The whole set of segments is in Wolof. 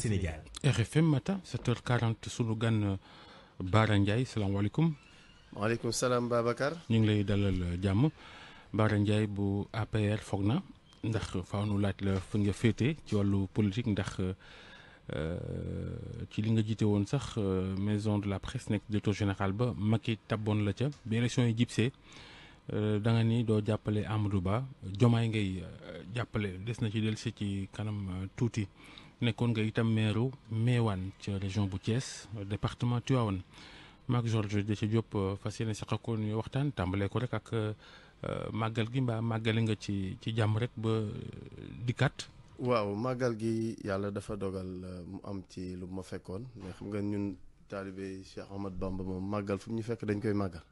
Sénégal. RFM matin 7 h sunu gan Bara Ndiaye salaamaaleykum. maaleykum salaam Babacar. ñu ngi lay dalal euh, jàmm Bara Ndiaye bu APR foog na ndax faaw nu la fu nga féete ci wàllu politique ndax euh, ci li nga jiite woon sax euh, maison de la presse nekk directeur général ba Macky tabboon la ca bi élection yi jibsee da nga ni doo jàppale Amadou Ba Jomaay ngay jàppale des na ci dellusi ci kanam tuuti. nekkoon nga itam meeru Meewaan ca région bu Thiès département Tivaouane maak Georges Déthié Diop euh, fas yéene sax ko ñu waxtaan tàmbalee ko rek ak euh, màggal gi mbaa màggale nga ci ci jàmm rek ba euh, dikkaat. waaw màggal gi yàlla dafa dogal mu am ci lu ma fekkoon mais xam nga ñun taalibe Cheikh Ahmad Bamba moom màggal fu ñu fekk dañ koy màggal.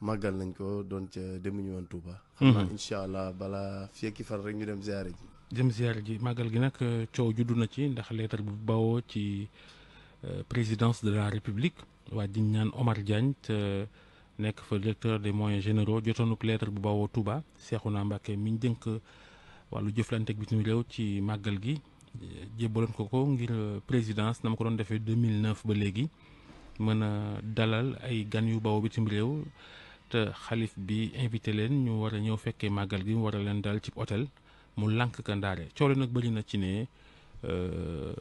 màggal nañ ko doon ca demuñu woon Touba. Mhm. xam naa incha allah balaa fekki fan rek ñu dem ziare ji. jëm ziar ji màggal gi nag euh, coow juddu na ci ndax leetar bu bawoo ci euh, présidence de la république waa ji naan Omar Diagne te euh, nekk fa directeur des moyens généraux jotoonuk leetar bu bawoo Touba Seexuna Mbàkke mi ñu dénk wàllu jëflante ak bitim réew ci màggal gi jébbaloon ko ko ngir présidence na ma ko doon defee 2009 ba léegi mën a dalal ay gan yu bawoo bitim réew te xalif bi invité leen ñu war a ñëw fekkee màggal gi mu war a leen daal ci hôtel. mu lànk ka ndaare coow li nag bëri na ci ne euh,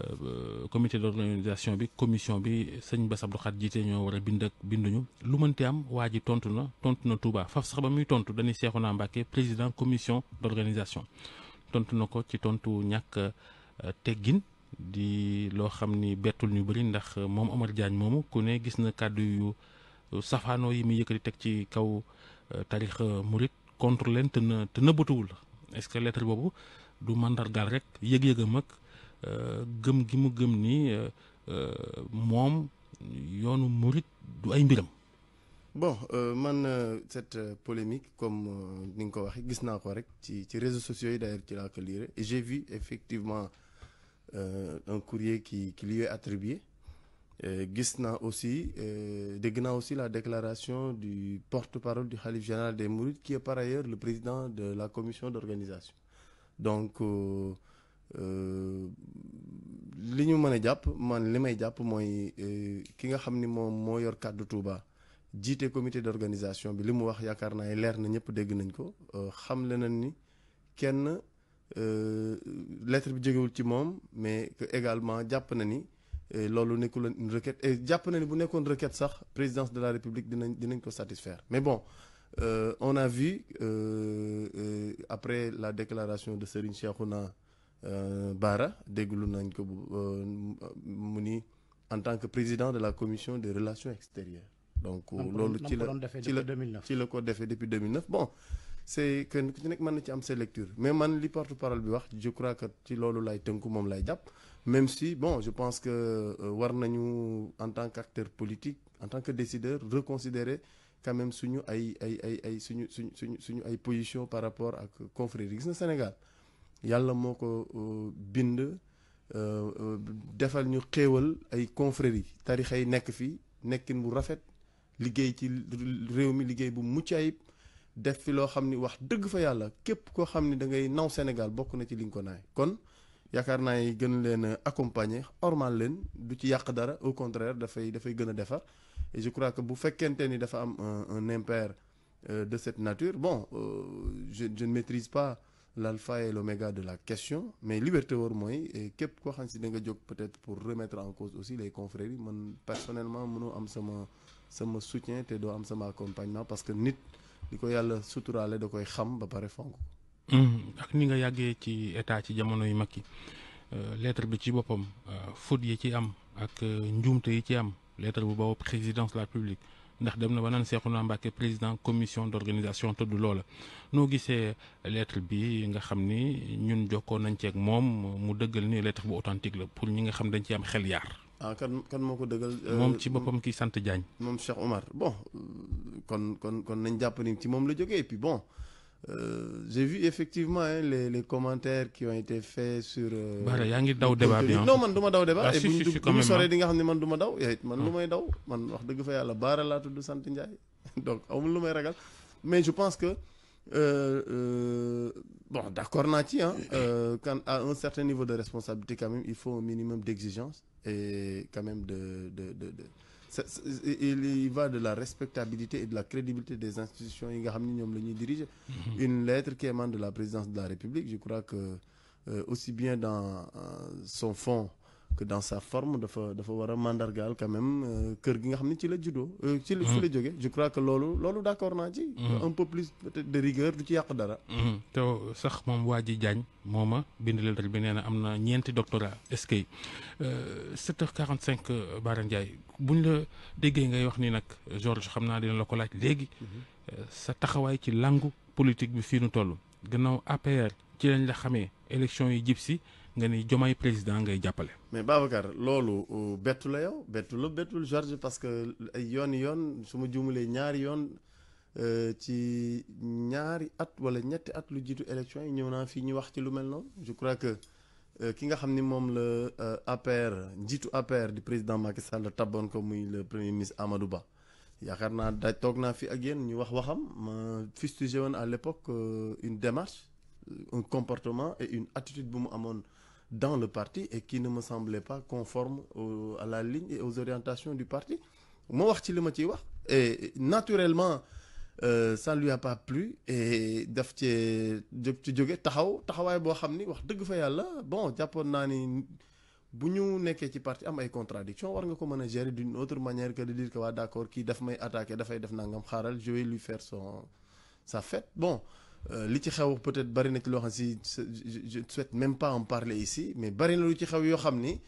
euh, comité d'organisation bi commission bi sëñ Bass Abdou Khadre jiite ñoo war a bind ak binduñu lu mënti am waa ji tontu na tontu na Touba faf sax ba muy tontu dañuy Cheikhouna Mbacké président commission d'organisation tontu na ko ci tontu ñàkk euh, teggin di loo xam ni bettul ñu bëri ndax moom Omar Diagne moomu ku ne gis na kàddu yu safaanoo yi muy yëkkati teg ci kaw tarix murit contre leen te na te nëbbatuwul est-ce que lettre boobu du mandargaal rek yëg-yëgam ak euh, gëm gi mu gëm ni euh, euh, moom yoonu murit du ay mbiram. bon man cette polémique comme ni nga ko waxee gis naa ko rek ci ci réseaux sociaux yi d'ailleurs ci laa ko lire et j'ai vu effectivement un courrier qui qui lui est Euh, gis naa aussi euh, dégg naa aussi la déclaration du porte-parole du khalife général des Mourides qui est par ailleurs le président de la commission d'organisation donc euh, li ñu mën a jàpp man li may jàpp mooy ki nga xam ni moom moo yor kàddu Touba jiite comité d'organisation bi li mu wax yaakaar naa leer na ñëpp dégg nañ ko xam le nañ ni kenn lettre bi jógewul ci moom mais également jàpp na ni loolu nekkul une requête et jàpp na ni bu nekkoon requête sax présidence de la république dinañ dinañ ko satisfaire mais bon euh, on a vu euh, euh après la déclaration de Serigne Cheikhouna euh, Bara déglu nañ ko euh, mu nii en tant que président de la commission des relations extérieures donc loolu ci la ci la ci la ko defee depuis 2009 bon c'est que ku ci nekk mën na ci am ses mais man li porte parole bi wax je crois que ci loolu lay tënku moom lay jàpp même si bon je pense que euh, war nañu en tant qu'acteur politique en tant que décideur reconsidérer quand même suñu ay ay ay ay suñu suñu suñu suñu ay position par rapport ak confrérie gis na Sénégal yàlla moo ko euh, bind euh, defal ñu xéewal ay confrérie tarixa yi nekk fii nekkin bu rafet liggéey ci réew mi liggéey bu mucc ayib def fi loo xam ni wax dëgg fa yàlla képp koo xam ni da ngay naw Sénégal bokk na ci li nga ko kon yaakaar naa yi gën leen accompagner ormal leen du ci yàq dara au contraire dafay dafay gën a defar et je crois que bu fekkente ni dafa am un impair euh, de cette nature bon euh, je je ne maîtrise pas l'alpha et l'oméga de la question mais liberté war mooy képp koo xam si da nga jóg peut-être pour remettre en cause aussi les confréries man personnellement mënoo am sama sama soutien doo am sama accompagnement parce que nit li ko yàlla suturaale da koy xam ba pare fonk. Hmm. ak ni nga yàggee ci état ci jamono yu mag yi euh, lettre bi ci boppam euh, faute yi ci am ak euh, njuumte yi ci am lettre bu boobu présidence la République ndax dem na ba naan Cheikhouna Mbacké président commission d'organisation tëdd loola noo gisee lettre bi nga xam ni ñun jokkoon nañ ceeg moom mu dëggal ni lettre bu authentique la pour ñi nga xam dañ ci am xel yaar. ah kan kan moo ko dëggal. Euh, moom ci boppam ki sant Diagne. moom Cheikh Omar bon kon kon kon nañ jàpp ni ci moom la jógee et puis bon euh, j'ai vu effectivement les les commentaires qui ont été faits sur. Euh, Bara yaa ngi daw débat bi non man du daw débat. ah si si soree di nga xam ne man du daw. it man lu ah. may daw man wax dëgg fa yàlla Bara laa tudd sant Ndiaye donc amul lu may ragal mais je pense que. Euh, euh, bon, d'accord, Nati, hein, euh, quand, a un certain niveau de responsabilité, quand même, il faut un minimum d'exigence. et quand même de de de de ça, ça, il y va de la respectabilité et de la crédibilité des institutions yi nga xam ni ñoom la ñuy diriger. Mhm. une lettre qui émane de la présidence de la République je crois que euh, aussi bien dans euh, son fond que dans sa forme dafa dafa war a mandargaal quand même euh, kër gi nga xam ne ci la juddoo. Euh, ci la ci la hmm. crois que loolu loolu d' accord naa ci. Hmm. un peu plus peut du ci yàq dara. Hmm. te sax moom waa ji Diagne moo ma bind lettre bi nee na am na ñeenti doctorat est-ce que 7h45 euh, Bara Ndiaye buñ la déggee ngay wax ni nag Georges xam naa dina la ko laaj léegi. Mm-hmm. sa taxawaay ci langu politique bi fii nu toll. gannaaw APR ci lañ la xamee élection yi jib nga ni Diomaye président ngay jàppale. mais Babacar loolu euh, bettu la yow bettu la bettul Georges parce que ay yoon yoon su ma juumalee ñaari yoon euh, ci ñaari at wala ñetti at lu jiitu élection yi ñëw naa fii ñu wax ci lu mel noonu je crois que euh, ki nga xam ni moom la APR njiitu APR di président Macky Sall tabboon ko muy le premier ministre Amadou Ba. yaakaar naa daaj toog naa fi ak yéen ñu wax waxam ma fustigé woon à l'époque une démarche un comportement et une attitude bu mu amoon dans le parti et qui ne ma semblait pas conforme au, à la ligne et aux orientations du parti ma wax ci li ma ciy wax et naturellement euh, ça lui a pas plu daf cee jóg ci jóge taxaw taxawaay boo xam ni wax dëgg fa yàlla bon jàppoon naa ni bu ñu nekkee ci parti am ay contradiction war nga ko mën a gérer d'une autre manière que de dire que waa d'accord kii daf may attaquer dafay def nangam xaaral je vais lui faire son sa fête bon Euh, li ci xew peut-être bari na ci loo xam si je même pas en parler ici mais bari lu ci xew yoo xam ni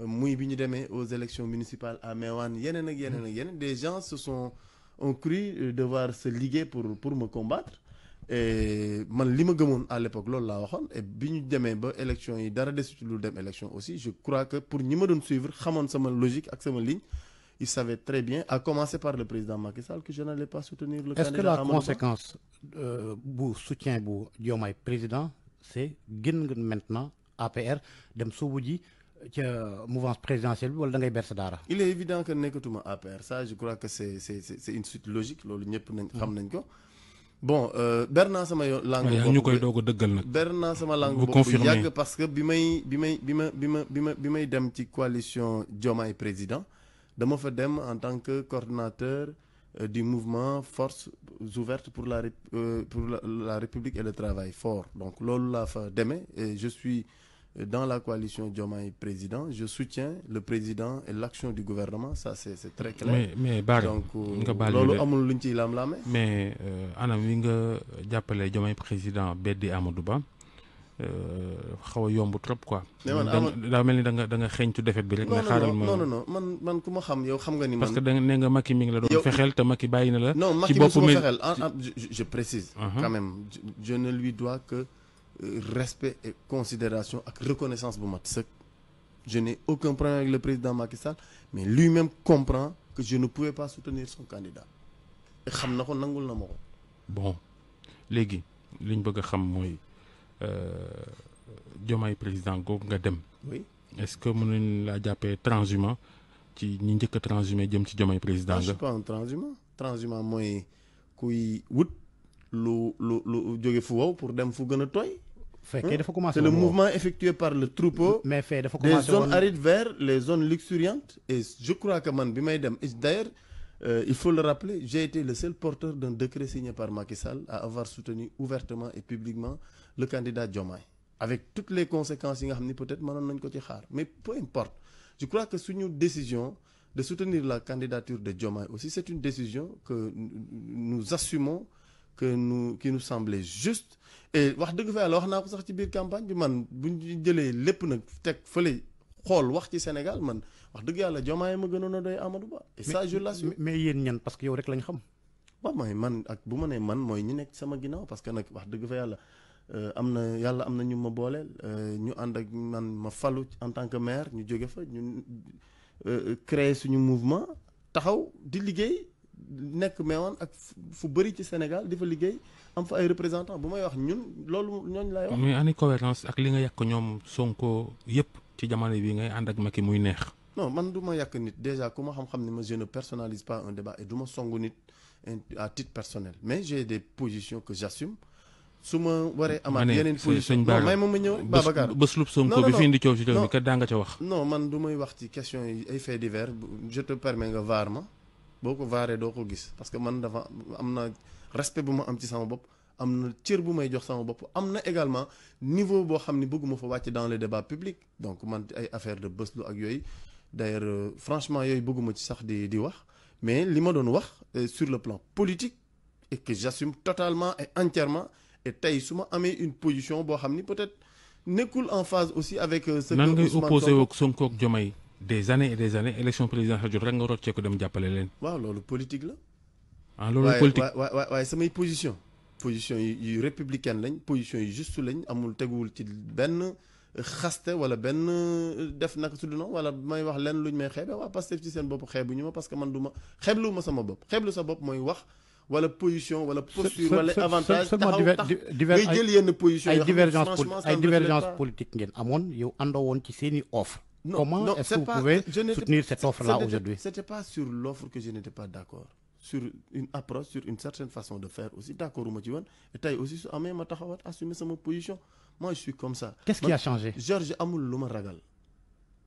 euh, muy bi ñu demee aux élections municipales à Mewane yeneen ak yeneen ak yeneen des gens se sont ont cru euh, devoir se liguer pour pour me combattre et man li ma gëmoon à l'époque loolu laa waxoon et bi ñu demee ba élection yi dara desu ci lu dem élection aussi je crois que pour ñi ma doon suivre xamoon sama logique ak sama ligne il savait très bien, a commencer par le président Macky Sall, que je n'allais pas soutenir le Est ce que la conséquence euh, bu soutien bu Diomaye président c'est génn maintenant APR dem suubu ji ca mouvance présidentielle bi wala da ngay berse daara. il est évident que nekkatuma APR ça je crois que c'est c'est c'est une suite logique loolu ñëpp nañ xam hmm. nañ ko. bon euh, ber naa sama yo langue bopp ñu koy doog dëggal nag ber naa sama langue bopp bu yàgg parce que bi may bi may bi ma bi ma bi ma bi may dem ci coalition Diomaye président dama fa dem en tant que coordinateur euh, du mouvement force ouvertes pour la euh, pour la république et le travail fort donc loolu laa fa demee et je suis euh, dans la coalition Diomaye président je soutiens le président et l'action du gouvernement ça c'est c'est très clair. mais mais Bara donc loolu amul luñ ciy lam-laame mais anam wi nga jàppale Diomaye président beddi Amadou Ba. Euh, xaw a yomb trop quoi. mais man daa mel ni da nga da nga xeeñtu defet bi rek. ne xaaral ma non non non man man ku ma xam yow xam nga ni. man parce que da nga nee nga Macky mi ngi la doon fexeel te Macky bàyyi na la. ci bopp mi non Macky mi fexeel ah, ah, je précise. Uh-huh. quand même je ne lui dois que euh, respect et considération ak reconnaissance bu mat sëkk. je n'ai aucun problème avec le président Macky Sall mais lui-même comprend que je ne pouvais pas soutenir son candidat. te xam na ko nangul na ma ko. bon léegi liñ bëgg a xam mooy. Euh, Diomaye président googu nga dem. oui est-ce que mun nañ laa jàppee transhumant ci ñi njëkk a transhumé jëm ci Diomaye président nga. Ah, pas un transhumant transhumant mooy kuy wut lu lu lu jóge fu wow pour dem fu gën a tooy. fekkee hmm? dafa commencé c'est le mouvement effectué par le troupeau. mais fee dafa commencé des zones vers les zones luxuriantes. et je crois que man bi may dem et euh, il faut le rappeler, j'ai été le seul porteur d'un décret signé par Macky Sall à avoir soutenu ouvertement et le candidat Diomaye avec toutes les conséquences yi nga xam ni peut-être mënoon nañ ko ci xaar mais peu importe je crois que suñu décision de soutenir la candidature de Diomaye aussi c'est une décision que nous assumons que nous qui nous semblait juste et wax dëgg fa yàlla wax naa ko sax ci biir campagne bi man bu ñu jëlee lépp nag teg fële xool wax ci Sénégal man wax dëgg yàlla Diomaye ma gënoon a doy Amadou Ba. et ça je l'assume mais yéen ñan que yow rek lañ xam. waaw man ak bu ma nee man mooy ñi nekk sama ginnaaw parce que nag wax dëgg fa yàlla Euh, am na yàlla am na ñu ma booleel euh, ñu ànd ak man ma falu en tant que maire ñu jóge fa ñu euh, créer suñu mouvement taxaw di liggéey nekk meewaan ak fu bëri ci Sénégal di fa liggéey am fa ay représentant bu may wax ñun loolu ñooñu laay wax. muy ani cohérence ak li nga yàq ñoom Sonko yëpp ci jamono bi ngay ànd ak ma Macky muy neex. no man du ma yàq nit déjà ku ma xam-xam ni ma je ne personnalise pas un débat et du ma songu nit à titre personnel mais j'ai des positions que j'assume su ma waree amaat yeneen position non may ma ma ñëw Babacar bés lu Sonko bi fi indi coow ci coow bi kat daa nga ca wax non man du may wax ci question yi ay faits divers je te permets nga vaar ma boo ko vaaree doo ko gis parce que man dafa am na respect bu ma am ci sama bopp am na cër bu may jox sama bopp am na également niveau boo xam ne bëgguma fa wàcc dans le débat public donc man ay affaire de bés lu ak yooyu d'ailleurs euh, franchement yooyu bëgguma ci sax di di wax mais li ma doon wax euh, sur le plan politique et que j'assume totalement et entièrement et tey su ma amee une position boo xam ni peut-être nekkul en phase aussi avec. Euh, ce nan ngay opposé woog Sonko ak Diomaye des années et des années élection présidentielle jot rek nga rocceeku dem jàppale leen. waaw loolu politique la. ah loolu politique waaye waaye waaye samay position position yu républicaine lañ position yu juste lañ amul teguwul ci benn xaste wala benn euh, def naka su duna wala may wax lenn luñ may xeebe waa Pastef ci seen bopp bu ñu ma parce que man du ma xeeblu ma sama bopp xeeblu sa bopp mooy wax. wala position wala posture wala avantage taxaw tax ngay jël yenn position ay divergence politique ngeen amoon yow àndoo woon ci seeni offre comment est-ce que vous pouvez soutenir cette offre là aujourd'hui c'était pas sur l'offre que je n'étais pas d'accord sur une approche sur une certaine façon de faire aussi d'accord uma ci woon tey aussi su amee ma taxawaat assumer sama position moi je suis comme ça qu'est-ce qui a changé Georges amul lu ma ragal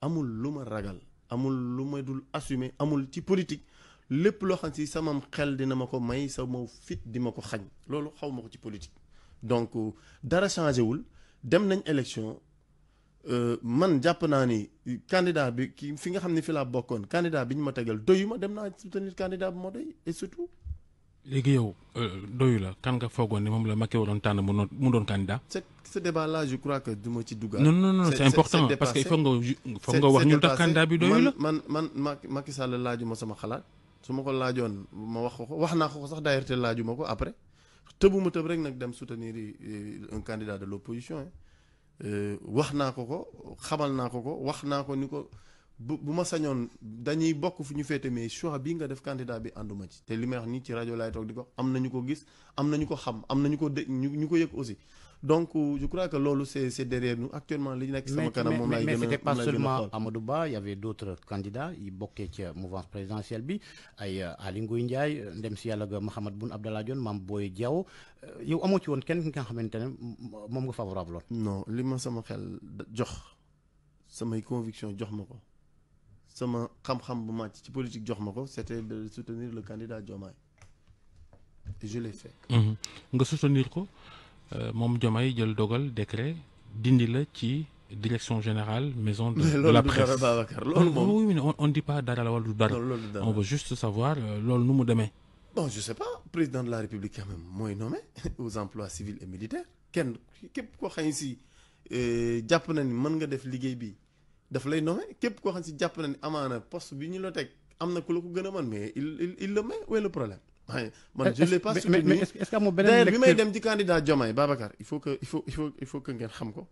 amul lu ma ragal amul lu ma dul assumer amul ci politique lépp loo xam si sama xel dina ma ko may sama fit di ma ko xañ loolu xaw ma ko ci politique. donc euh, dara changé wul dem nañ élection euh, man jàpp naa ni candidat bi ki fi nga xam ne fi laa bokkoon candidat bi ñu ma tegal doyu ma dem naa soutenir candidat bi moo doy et surtout. léegi yow euh, doyu la kan nga foogoon ne moom la Macky waroon tànn mu doon mu doon candidat. ce ce débat là je crois que du ci duggaat. non non non c'est important parce que il faut nga foog nga wax ñu tax candidat bi doyu la. man man Macky Sall laaju ma sama xalaat. su ma ko laajoon ma wax ko wax naa ko sax d'ailleurs te laaju ma ko après tëbuma tëb rek nag dem soutenir euh, un candidat de l'opposition euh, wax naa ko ko xamal naa ko ko wax naa ko ni ko bu bu ma sañoon dañuy bokk fu ñu féete mais choix bii nga def candidat bi ànduma ci te li may wax nii ci rajo laay toog di ko am nañu ko gis am nañu ko xam am nañu ko dé ñu ko yëg aussi donc je crois que loolu c'est c'est derrière nous actuellement li nekk sama kanam moom laay gën a mais c'était pas seulement Amadou Ba il y avait d'autres candidats yi bokkee ci mouvance présidentielle bi ay euh, Aly Ngouille Ndiaye ndem si yàlla ga Mahammed Boun Abdallah Dionne Mame Boye Diao euh, yow amoo ci woon kenn ki nga xamante ne moom nga favorable lool non li ma sama xel jox samay conviction jox ma ko sama xam-xam bu màcc ci politique jox ma ko c'était de soutenir le candidat Diomaye et je l'ai fait mmh. nga soutenir ko Euh, moom Diomaye jël dogal décret dindi la ci direction général maison de, la presse loolu moom on dit pas dara la wala du dara on veut juste savoir euh, loolu nu mu demee bon je sais pas président de la république quand même mooy nommé aux emplois civils et militaires kenn képp koo xam ne si euh, jàpp na ni mën nga def liggéey bi daf lay nommé képp koo xam si jàpp na ni amaana poste bi ñu la teg am na ku la ko gën a mën mais il il le met où est le problème man euh, je l'ai pas soutenu bi may dem ci candidat Diomaye Babacar il faut que il faut il faut que ngeen xam ko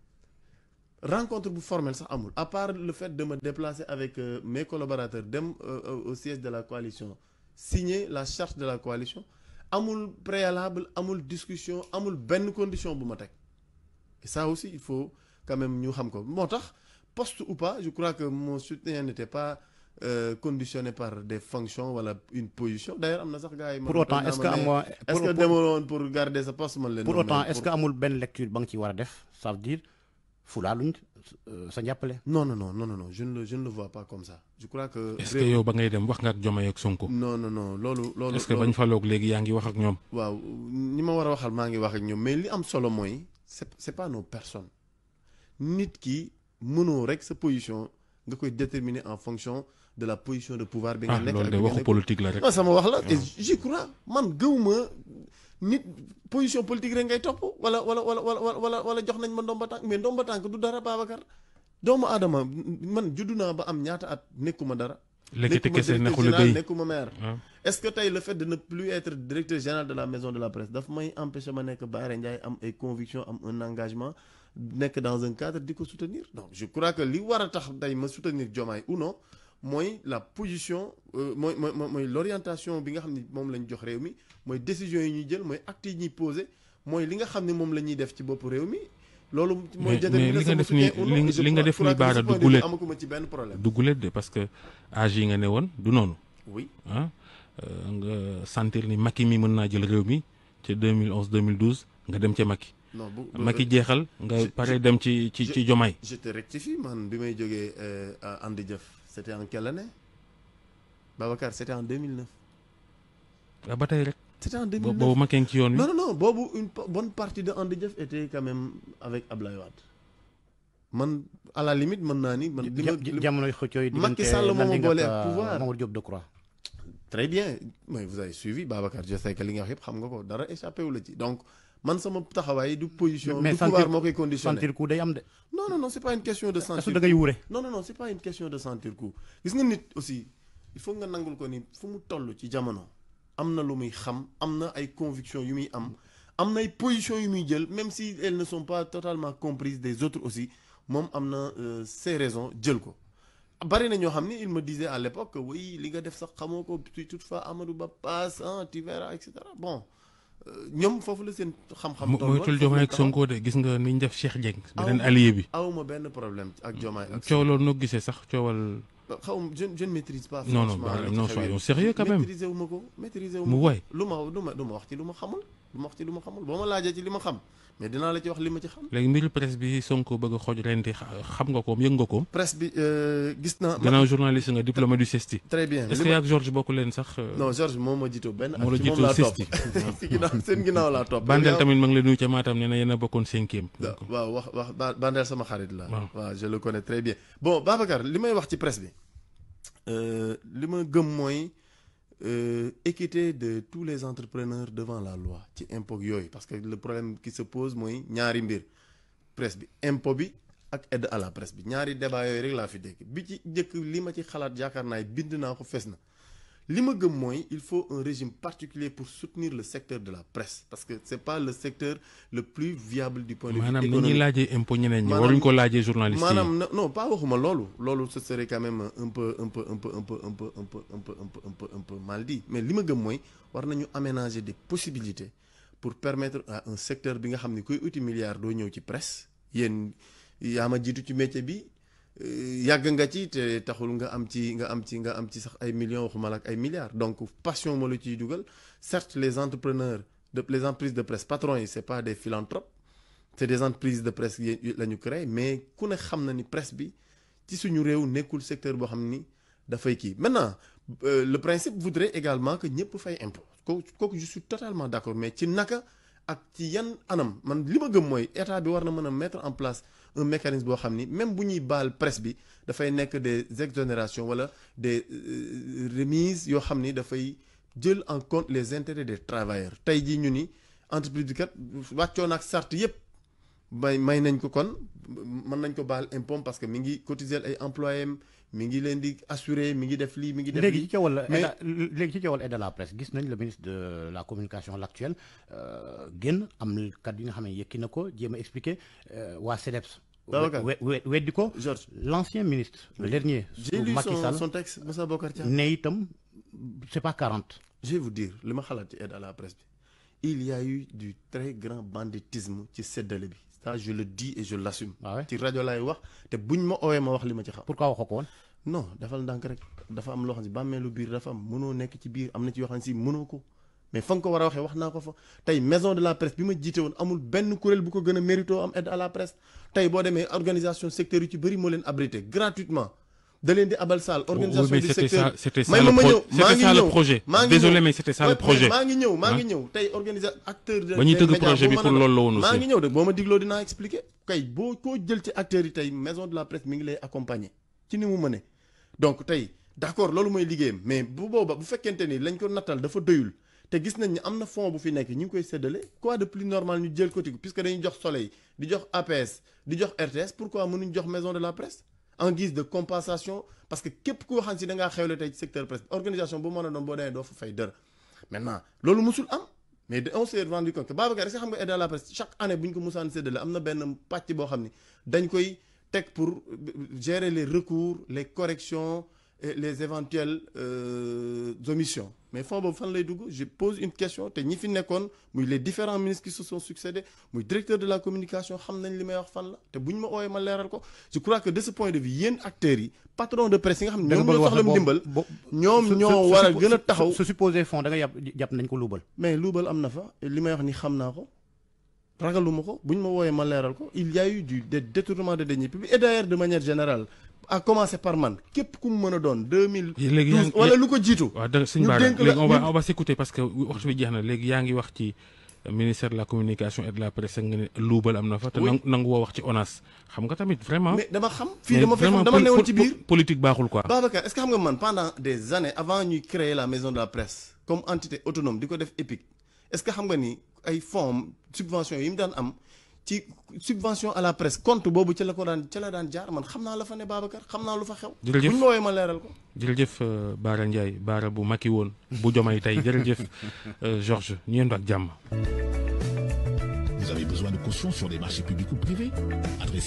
rencontre bu formelle sax amul à part le fait de déplacé déplacer avec euh, mes collaborateurs dem euh, au siège de la coalition signer la charte de la coalition amul préalable amul discussion amul benn condition bu ma teg et ça aussi il faut quand même ñu xam ko moo tax post ou pas je crois que mon soutien n'était pas Euh, conditionné par des fonctions une position am na pour autant est-ce que sa poste man leen. pour autant est-ce que amul benn lecture ba nga ci war a def ça veut dire euh, sa njàppale. non non non non no je le je le vois pas comme ça. je crois que. est-ce que yow ba ngay dem wax loolu. loolu est-ce que bañ faloog léegi yaa ngi wax ak ñoom. waaw ñi ma war a waxal maa ngi wax ak ñoom mais li am solo mooy c'est c'est pas nos personnes nit ki mënoo rek sa position nga koy déterminer en fonction. de la position de pouvoir bi nga ah, nekk loolu de waxu politique la ah. nit position politique ngay topp wala wala wala wala wala wala jox nañ ma ndomba tànk mais ndomba tànk du dara Babacar doomu aadama man juddu naa ba am ñaata at nekkuma dara lékkati kese nekkul béy nekkuma maire ah. est-ce que tey le fait de ne plus la maison de la presse daf may nekk Baara ay convictions am un engagement nekk dans un cadre di ko soutenir donc je crois que li war a tax tey ma soutenir Diomaye ou non mooy la position euh, mooy mooy mooy l'orientation bi nga xam ni moom lañ jox réew mi mooy décision yi ñuy jël mooy actes yi ñuy posé mooy li nga xam ne moom la ñuy def ci bopp réew mi. loolu mooy jënd li nga def ni li nga def ni baara du gulet ci benn problème du gulet de parce que âge yi nga ne woon du noonu. oui ah euh, nga sentir ni makki mi mën naa jël réew mi ci 2011 2012 nga dem ca Macky. non bu Macky euh, jeexal nga pare dem ci ci ci Diomaye. je te rectifie man bi may jógee ànd jëf. c'était en quelle année Babacar c'était en 2009. waaw ah, ba tey rek. c'était en 2009 boobu ma kenn ci yoon wi. non non non boobu une bonne partie de And Jëf était quand même avec Ablaye Wade man à la limite mën naa ni. man li ma jamonoy xëccoo yi. Macky Sall moom a boole ak pouvoir Mamadou Diop Decroix. très bien mais vous suivi Babacar je sais li nga wax yëpp xam nga ko dara échappé wu la ci donc. man sama taxawaay du position. du pouvoir moo koy conditionné mais coup day am de. non non non c' est pas une question de. sentir coup gis nga nit aussi il faut nga nangul ko ni fu mu toll ci jamono am na lu muy xam am na ay conviction yu muy am am na ay position yu muy jël même si elles ne sont pas totalement comprises des autres aussi moom am na euh, ses raisons jël ko. bari na ñoo xam ni il me disait à l' époque li nga def sax xamoo ko toutefois Amadou Ba passe ah tu verras et bon. ñoom foofu la seen xam-xam. toll mooy Diomaye ak Sonko de gis nga ni ñu def Cheikh Dieng. beneen allié bi aw ma benn problème ak Diomaye ak. coow loolu noo gisee sax coowal. xaw ma je je ne maîtrise pas. non non non soyons sérieux quand wu ma ko maîtriser wu ko. mu waay lu ma lu ma wax ci lu ma xamul. wax ci lu ma xamul boo ma laajee ci li ma xam. mais dinaa la ci wax li ma ci xam. léegi mbiru presse bi Sonko bëgg a xooj renti xam nga ko yëg nga ko. presse bi euh, gis naa. gannaaw journaliste nga diplômé du CESTI. très bien est-ce leen sax. Euh? non Georges moom moo jiitu benn. moo la jiitu CESTI si ginnaaw seen ginnaaw laa topp. Bandel tamit ma ngi lay ca Matam nee na yéen a bokkoon cinquième. waaw wax wax Bandel sama xarit la. waaw je le connais très bien bon Babacar li may wax ci presse bi euh, li ma gëm mooy. Euh, équité de tous les entrepreneurs devant la loi ci impôt yooyu parce que le problème qui se pose mooy ñaari mbir presse bi impôt bi ak aide à la bi ñaari débat yooyu rek laa fi dégg bi ci njëkk li ma ci xalaat yaakaar naa bind naa ko fees na li ma gëm mooy il faut un régime particulier pour soutenir le secteur de la presse parce que c'est pas le secteur le plus viable du point de vue économique maanaam ni ñuy laajee impôt ñeneen ñi waruñ ko laajee journaliste yi maanaam non pas waxuma loolu loolu ce serait quand même un peu un peu un peu un peu un mais li ma gëm mooy war nañu aménager des possibilités pour permettre à un secteur bi nga xam ni kuy uti milliard doo ñëw ci presse yéen yaa ma jiitu ci métier bi yàgg nga ci te taxul nga am ci nga am ci nga am ci sax ay millions waxuma la ak ay milliards donc passion moo la ciy dugal certes les entrepreneurs de les entreprises de presse patrons yi c'est pas des philanthropes c'est des entreprises de presse la ñu créé mais ku ne xam na ni presse bi ci suñu réew nekkul secteur boo xam ni dafay kii maintenant euh, le principe voudrait également que ñëpp fay impôt kooku kooku je suis totalement d'accord mais ci naka ak ci yan anam man li ma gëm mooy état bi war na mën a mettre en place un mécanisme boo xam ni même bu ñuy baal presse bi dafay nekk des exonérations wala des euh, remises yoo xam ni dafay jël en compte les intérêts des travailleurs tey jii ñu ni entreprise bi kat wàccoon ak sart yëpp may may nañ ko kon mën nañ ko baal impôt parce que mi ngi cotiser ay employés mi ngi leen di assurer mi ngi def lii mi ngi. def léegi ci coowal état léegi ci coowal aide de la presse gis nañ le ministre de la communication l'actuel euh, génn am kat yi nga xam ne yëkki na ko jéem a expliquer euh, waa CDEPS. weddi ko Georges l'ancien ministre. le dernier. j'ai lu son son ne itam c'est pas 40. je vais vous dire li ma xalaat ci aide à la presse bi il y a eu du très grand banditisme ci séddale bi. ça je le dis ah ci rajo laay wax te buñ ma oowee ma wax li ma ci xam. pourquoi waxoo ko woon. non defal ndànk rek dafa am loo xam si bàmmeelu biir dafa am mënoo nekk ci biir am na ci yoo xam si mënoo ko mais fa nga ko war a waxee wax naa ko fa tey maison de la presse bi ma jiite woon amul benn kuréel bu ko gën a mérito am aide à la presse tey boo demee organisation secteur yu ci bëri moo leen abrité gratuitement. da leen di abal saal organisation du secteur mais ma ñëw maa ngi ñëw projet désolé mais c'était ça le projet maa ngi ñëw maa ngi ñëw tey ba ñuy tëgg projet bi pour loolu la woon maa ngi ñëw de boo ma digloo dinaa expliquer kay boo koo jël ci acteurs yi tey maison de la presse mi ngi lay accompagner ci ni mu mëne donc tey d'accord loolu mooy liggéeyam mais bu booba bu fekkente ni lañ ko nattal dafa doyul te gis nañ ni am na fond bu fi nekk ñu ngi koy séddale quoi de plus normal ñu jël côté puisque dañuy jox soleil di jox APS di jox RTS pourquoi mënuñ jox maison la presse en guise de compensation parce que képp koo xam si da ngaa xewle tey ci secteur presse organisation bu mën a doon boo demee doo fa fay dër maintenant loolu musul am mais de on s'est rendu compte que Babacar que xam nga aide à la presse chaque année bu ñu ko musaan séddale am na benn pàcc boo xam ni dañ koy teg pour euh, gérer les recours les corrections et les éventuelles euh, omissions mais fonds boobu fan lay dugg je pose une question te ñi fi nekkoon muy les différents ministres qui se muy directeur de la communication xam nañ li may wax fan la te bu ñu ma ooyee ma leeral ko je crois que de ce point de vue yéen acteurs yi patron de presse yi nga xam ne ñoom ñoom war a gën a taxaw su supposé fonds da nga yàpp nañ ko luubal mais luubal am na fa li may wax ni xam naa ko ragaluma ko bu ñu ma wooyee ma leeral ko il y a eu du des détournements à commencer par man képp ku mu mën a doon deux mille. léegi wala lu ko jiitu. waaw dëgg que waxtu bi jeex na léegi yaa ngi la communication et nga ne luubal am na fa. te nangu woo wax ci ONAS. xam nga tamit vraiment. mais dama xam fii dama fay dama newoon ci biir politique baaxul quoi. Babacar est-ce xam nga man pendant des années avant ñuy créer la maison de la presse comme entité autonome di ko def EPIC est-ce que xam nga ni ay fonds subventions yi mu daan am. ci subvention à la presse compte boobu ci la ko daan ci la daan jaar man xam naa la fa ne Babacar xam naa lu fa xew. jërëjëf bu ñu ma woowee ma leeral ko. jërëjëf euh, Baara Ndiaye Baara bu makki woon bu jomay tey jërëjëf euh, Georges ñu yendu ak jàmm. Vous avez besoin de caution sur les marchés publics ou privés? Adressez